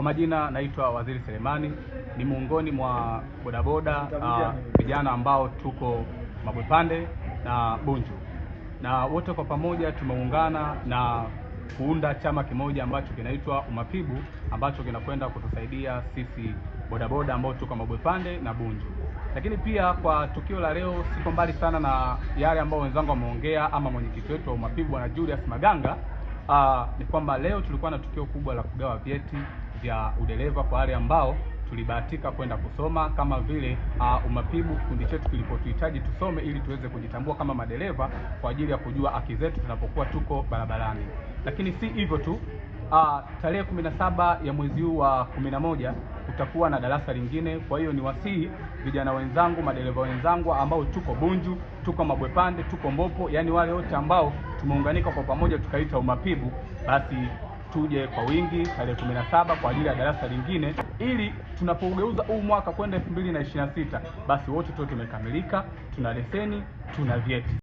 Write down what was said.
Kwa majina naitwa Waziri Selemani, ni miongoni mwa bodaboda ah, vijana ambao tuko Mabwepande na Bunju, na wote kwa pamoja tumeungana na kuunda chama kimoja ambacho kinaitwa Umapibu ambacho kinakwenda kutusaidia sisi bodaboda ambao tuko Mabwepande na Bunju. Lakini pia kwa tukio la leo, siko mbali sana na yale ambao wenzangu wameongea ama mwenyekiti wetu wa Umapibu Bwana Julius Maganga. Aa, ah, ni kwamba leo tulikuwa na tukio kubwa la kugawa vyeti vya udereva kwa wale ambao tulibahatika kwenda kusoma kama vile uh, umapibu kikundi chetu kilipotuhitaji tusome ili tuweze kujitambua kama madereva kwa ajili ya kujua haki zetu tunapokuwa tuko barabarani. Lakini si hivyo tu, uh, tarehe 17 ya mwezi huu wa 11 kutakuwa na darasa lingine. Kwa hiyo ni wasihi vijana wenzangu, madereva wenzangu ambao tuko Bunju, tuko Mabwepande, tuko Mbopo, yani wale wote ambao tumeunganika kwa pamoja tukaita Umapibu, basi tuje kwa wingi tarehe 17 kwa ajili ya darasa lingine, ili tunapougeuza huu mwaka kwenda 2026 basi wote tuwe tumekamilika, tuna leseni, tuna vyeti.